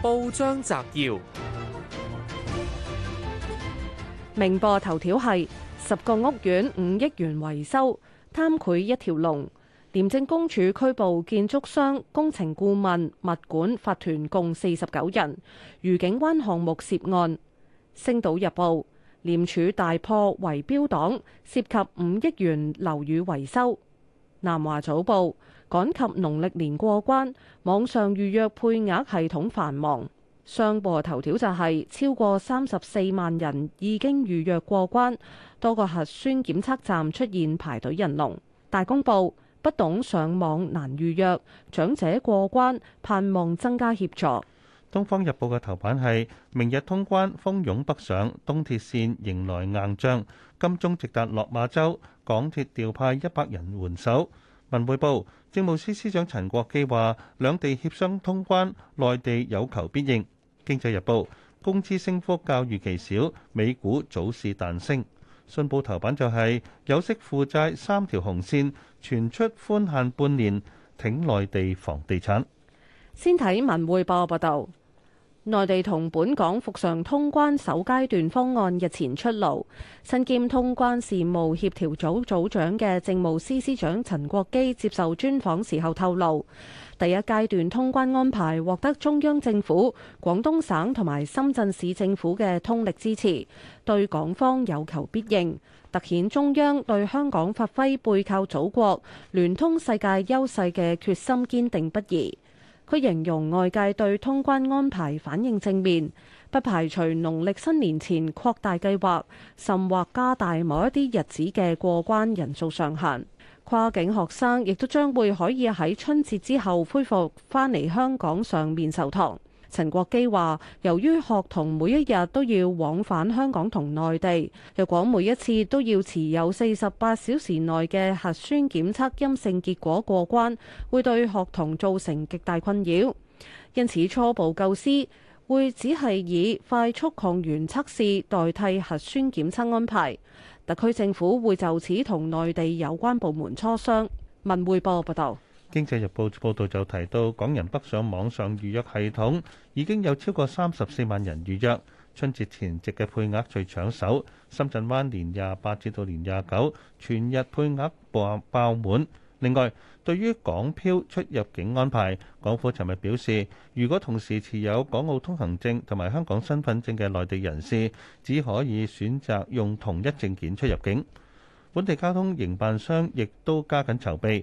報章摘要：明報頭條係十個屋苑五億元維修貪賄一條龍，廉政公署拘捕建築商、工程顧問、物管、法團共四十九人。愉景灣項目涉案。星島日報：廉署大破圍標黨，涉及五億元樓宇維修。南華早報，趕及農曆年過關，網上預約配額系統繁忙。商報頭條就係超過三十四萬人已經預約過關，多個核酸檢測站出現排隊人龍。大公報，不懂上網難預約，長者過關盼望增加協助。《東方日報》嘅頭版係：明日通關，蜂擁北上，東鐵線迎來硬仗；金鐘直達落馬洲，港鐵調派一百人援手。文匯報政務司司長陳國基話：兩地協商通關，內地有求必應。《經濟日報》工資升幅較預期少，美股早市彈升。《信報》頭版就係有息負債三條紅線傳出寬限半年，挺內地房地產。先睇文匯報報道。內地同本港復常通關首階段方案日前出爐，身兼通關事務協調組組組長嘅政務司司長陳國基接受專訪時候透露，第一階段通關安排獲得中央政府、廣東省同埋深圳市政府嘅通力支持，對港方有求必應。凸顯中央對香港發揮背靠祖國、聯通世界優勢嘅決心堅定不移。佢形容外界對通關安排反應正面，不排除農曆新年前擴大計劃，甚或加大某一啲日子嘅過關人數上限。跨境學生亦都將會可以喺春節之後恢復返嚟香港上面授堂。陳國基話，由於學童每一日都要往返香港同內地，若果每一次都要持有四十八小時內嘅核酸檢測陰性結果過關，會對學童造成極大困擾。因此初步構思會只係以快速抗原測試代替核酸檢測安排。特區政府會就此同內地有關部門磋商。文匯報報道。經濟日報報道就提到，港人北上網上預約系統已經有超過三十四萬人預約，春節前夕嘅配額最搶手。深圳灣年廿八至到年廿九全日配額爆爆滿。另外，對於港漂出入境安排，港府尋日表示，如果同時持有港澳通行證同埋香港身份證嘅內地人士，只可以選擇用同一證件出入境。本地交通營辦商亦都加緊籌備。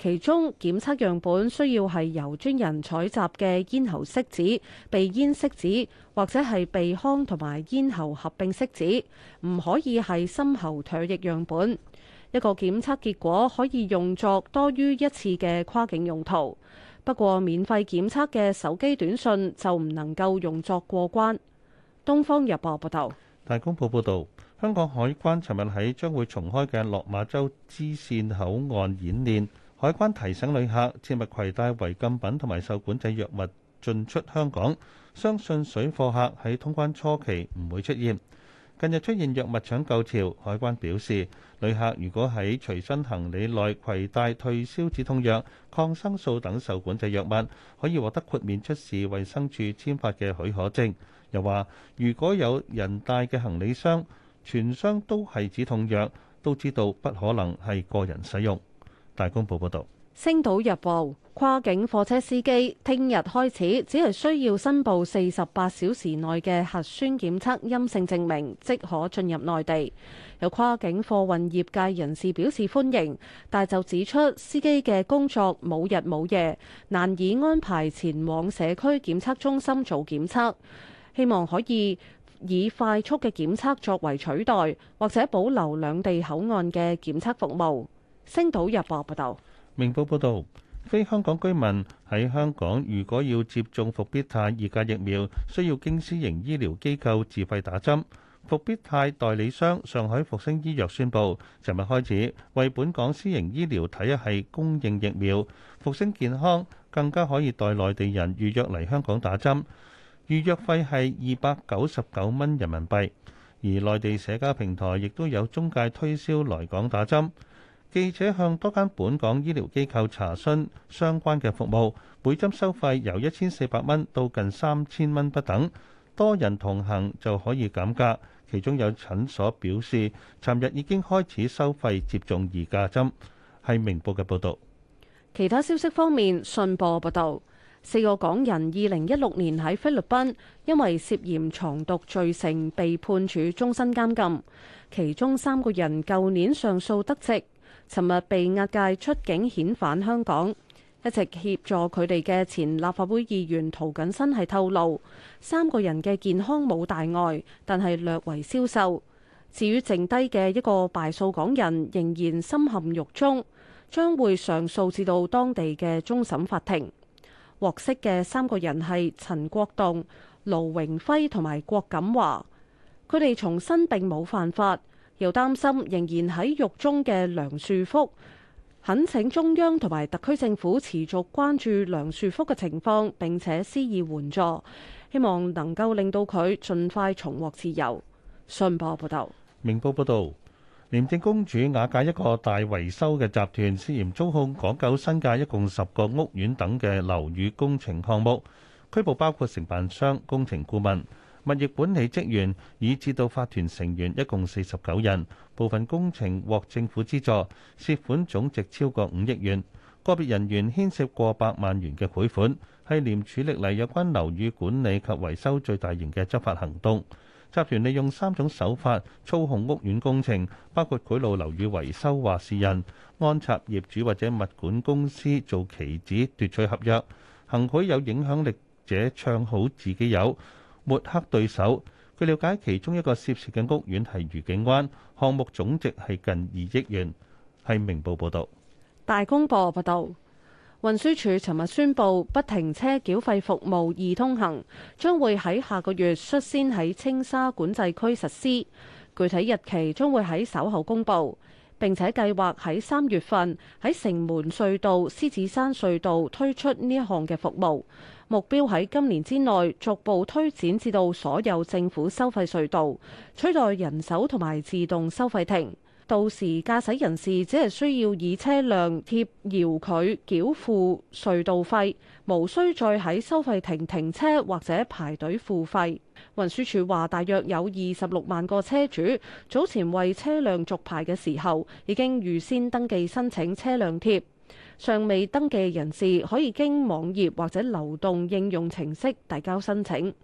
其中檢測樣本需要係由專人採集嘅咽喉拭子、鼻咽拭子，或者係鼻腔同埋咽喉合併拭子，唔可以係深喉唾液樣本。一個檢測結果可以用作多於一次嘅跨境用途。不過，免費檢測嘅手機短訊就唔能夠用作過關。《東方日報》報道，大公報報道，香港海關尋日喺將會重開嘅落馬洲支線口岸演練。海關提醒旅客切勿攜帶違禁品同埋受管制藥物進出香港。相信水貨客喺通關初期唔會出現。近日出現藥物搶購潮，海關表示旅客如果喺隨身行李內攜帶退燒止痛藥、抗生素等受管制藥物，可以獲得豁免出示衛生署簽發嘅許可證。又話，如果有人帶嘅行李箱全箱都係止痛藥，都知道不可能係個人使用。大公報報導，星島日報，跨境貨車司機聽日開始，只係需要申報四十八小時內嘅核酸檢測陰性證明，即可進入內地。有跨境貨運業界人士表示歡迎，但就指出司機嘅工作冇日冇夜，難以安排前往社區檢測中心做檢測，希望可以以快速嘅檢測作為取代，或者保留兩地口岸嘅檢測服務。星島日報報道，明報報道，非香港居民喺香港如果要接種復必泰二價疫苗，需要經私營醫療機構自費打針。復必泰代理商上海復星醫藥宣布，尋日開始為本港私營醫療體系供應疫苗。復星健康更加可以代內地人預約嚟香港打針，預約費係二百九十九蚊人民幣。而內地社交平台亦都有中介推銷來港打針。記者向多間本港醫療機構查詢相關嘅服務，每針收費由一千四百蚊到近三千蚊不等，多人同行就可以減價。其中有診所表示，尋日已經開始收費接種二價針。係明報嘅報導。其他消息方面，信報報道，四個港人二零一六年喺菲律賓因為涉嫌藏毒罪成，被判處終身監禁，其中三個人舊年上訴得直。尋日被押解出境遣返香港，一直協助佢哋嘅前立法會議員涂謹申係透露，三個人嘅健康冇大礙，但係略為消瘦。至於剩低嘅一個敗訴港人，仍然深陷獄中，將會上訴至到當地嘅終審法庭。獲釋嘅三個人係陳國棟、盧榮輝同埋郭錦華，佢哋重申並冇犯法。又擔心仍然喺獄中嘅梁樹福，懇請中央同埋特區政府持續關注梁樹福嘅情況，並且施以援助，希望能夠令到佢盡快重獲自由。信報報道，明報報道，廉政公署瓦解一個大維修嘅集團，涉嫌中控港九新界一共十個屋苑等嘅樓宇工程項目，拘捕包括承辦商、工程顧問。物業管理職員以至到法團成員一共四十九人，部分工程獲政府資助，涉款總值超過五億元。個別人員牽涉過百萬元嘅賄款，係廉署歷嚟有關樓宇管理及維修最大型嘅執法行動。集團利用三種手法操控屋苑工程，包括賄賂樓宇維修話事人、安插業主或者物管公司做棋子奪取合約，行賄有影響力者唱好自己有。抹黑對手，據了解，其中一個涉事嘅屋苑係愉景灣，項目總值係近二億元。係明報報道。大公報報道，運輸署尋日宣布，不停車繳費服務易通行將會喺下個月率先喺青沙管制區實施，具體日期將會喺稍後公布，並且計劃喺三月份喺城門隧道、獅子山隧道推出呢一項嘅服務。目標喺今年之內逐步推展至到所有政府收費隧道，取代人手同埋自動收費亭。到時駕駛人士只係需要以車輛貼遙距繳付隧道費，無需再喺收費亭停車或者排隊付費。運輸署話，大約有二十六萬個車主早前為車輛續牌嘅時候，已經預先登記申請車輛貼。尚未登記人士可以經網頁或者流動應用程式遞交申請。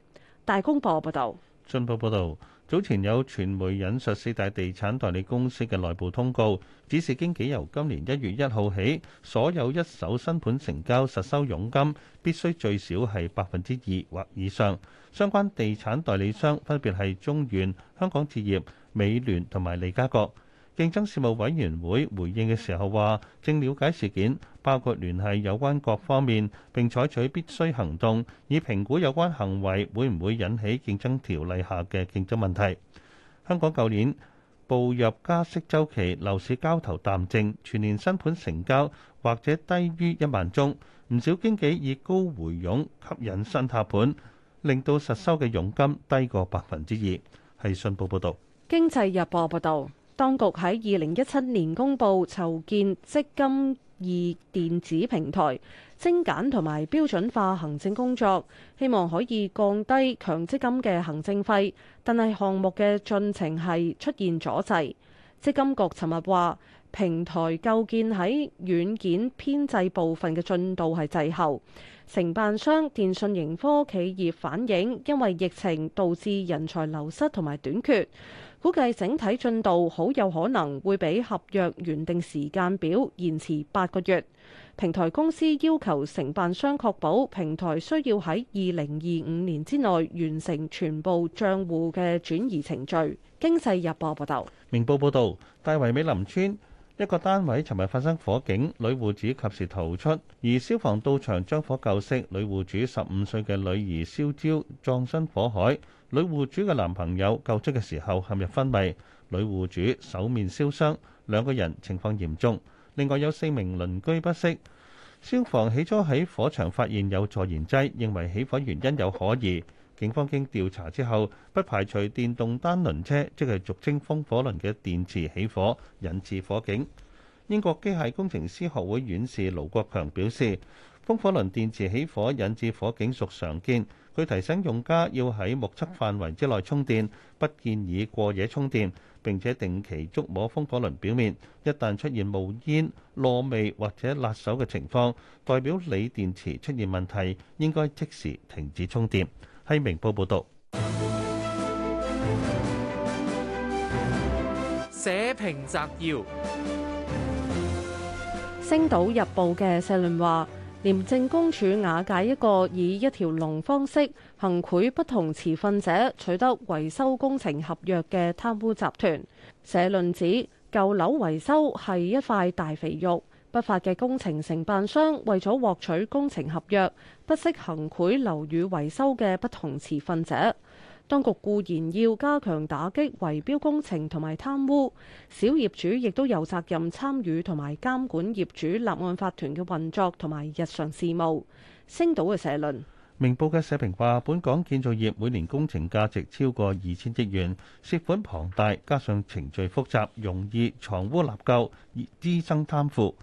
大公報報道：「信報報導，早前有傳媒引述四大地產代理公司嘅內部通告，指示經紀由今年一月一號起，所有一手新盤成交實收佣金必須最少係百分之二或以上。相關地產代理商分別係中原、香港置業、美聯同埋利嘉閣。競爭事務委員會回應嘅時候話，正了解事件，包括聯繫有關各方面，并采取必須行動，以評估有關行為會唔會引起競爭條例下嘅競爭問題。香港舊年步入加息周期，樓市交投淡靜，全年新盤成交或者低於一萬宗，唔少經紀以高回佣吸引新客盤，令到實收嘅佣金低過百分之二。係信報報道，《經濟日報》報道。當局喺二零一七年公布籌建積金易電子平台，精簡同埋標準化行政工作，希望可以降低強積金嘅行政費，但係項目嘅進程係出現阻滯。積金局尋日話，平台構建喺軟件編製部分嘅進度係滯後。承辦商電信盈科企業反映，因為疫情導致人才流失同埋短缺。估計整體進度好有可能會比合約原定時間表延遲八個月。平台公司要求承辦商確保平台需要喺二零二五年之內完成全部帳戶嘅轉移程序。經濟日報報道。明報報道，大圍美林村一個單位尋日發生火警，女戶主及時逃出，而消防到場將火救熄。女戶主十五歲嘅女兒燒焦，葬身火海。女戶主嘅男朋友救出嘅時候陷入昏迷，女戶主手面燒傷，兩個人情況嚴重。另外有四名鄰居不適。消防起初喺火場發現有助燃劑，認為起火原因有可疑。警方經調查之後，不排除電動單輪車即係俗稱風火輪嘅電池起火引致火警。英國機械工程師學會院士盧國強表示，風火輪電池起火引致火警屬常見。佢提醒用家要喺目測範圍之內充電，不建議過夜充電，並且定期觸摸風火輪表面。一旦出現冒煙、燶味或者辣手嘅情況，代表鋰電池出現問題，應該即時停止充電。喺明報報道。社評摘要，《星島日報》嘅社論話。廉政公署瓦解一個以一條龍方式行賄不同持份者取得維修工程合約嘅貪污集團。社論指舊樓維修係一塊大肥肉，不法嘅工程承辦商為咗獲取工程合約，不惜行賄樓宇維修嘅不同持份者。當局固然要加強打擊圍標工程同埋貪污，小業主亦都有責任參與同埋監管業主立案法團嘅運作同埋日常事務。星島嘅社論。明報嘅社評話：本港建造業每年工程價值超過二千億元，涉款龐大，加上程序複雜，容易藏污納垢，滋生貪腐。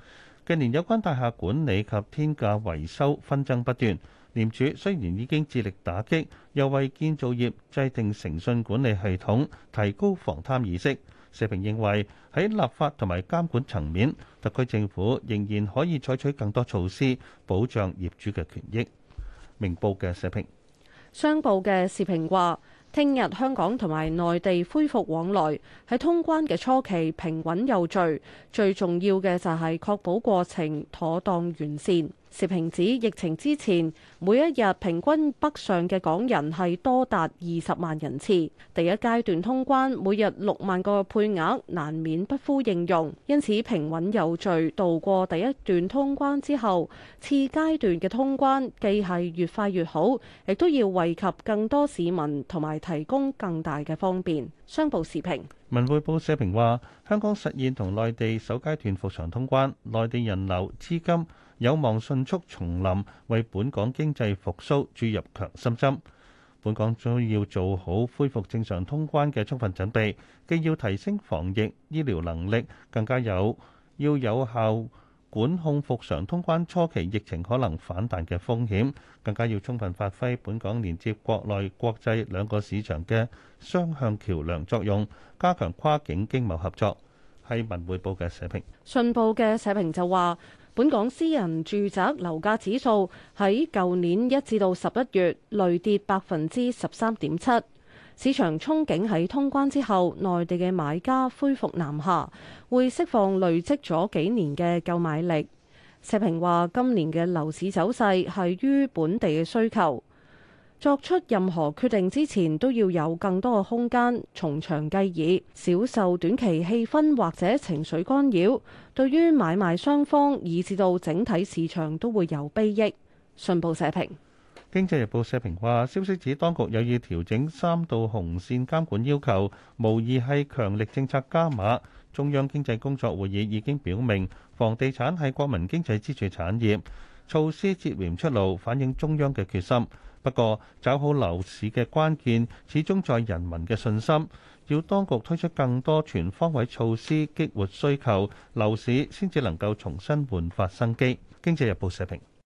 近年有關大廈管理及天價維修紛爭不斷。廉署雖然已經致力打擊，又為建造業制定誠信管理系統，提高防貪意識。社評認為喺立法同埋監管層面，特區政府仍然可以採取更多措施，保障業主嘅權益。明報嘅社評。商報嘅社評話，聽日香港同埋內地恢復往來，喺通關嘅初期平穩有序，最重要嘅就係確保過程妥當完善。社評指疫情之前，每一日平均北上嘅港人係多達二十萬人次。第一階段通關每日六萬個配額，難免不敷應用，因此平穩有序度過第一段通關之後，次階段嘅通關既係越快越好，亦都要惠及更多市民同埋提供更大嘅方便。商報社評。文匯報社評話：香港實現同內地首階段復常通關，內地人流資金。有望迅速重臨，為本港經濟復甦注入強心針。本港仲要做好恢復正常通關嘅充分準備，既要提升防疫醫療能力，更加有要有效管控復常通關初期疫情可能反彈嘅風險，更加要充分發揮本港連接國內國際兩個市場嘅雙向橋梁作用，加強跨境經貿合作。係文匯報嘅社評，信報嘅社評就話。本港私人住宅樓價指數喺舊年一至到十一月累跌百分之十三點七。市場憧憬喺通關之後，內地嘅買家恢復南下，會釋放累積咗幾年嘅購買力。石平話：今年嘅樓市走勢係於本地嘅需求。作出任何決定之前，都要有更多嘅空間，從長計議，少受短期氣氛或者情緒干擾，對於買賣雙方以至到整體市場都會有裨益。信報社評。經濟日報社評話：消息指當局有意調整三道紅線監管要求，無疑係強力政策加碼，中央經濟工作會議已經表明，房地產係國民經濟支柱產業，措施接連出爐，反映中央嘅決心。不過抓好樓市嘅關鍵始終在人民嘅信心。要當局推出更多全方位措施，激活需求，樓市先至能夠重新煥發生機。經濟日報社評。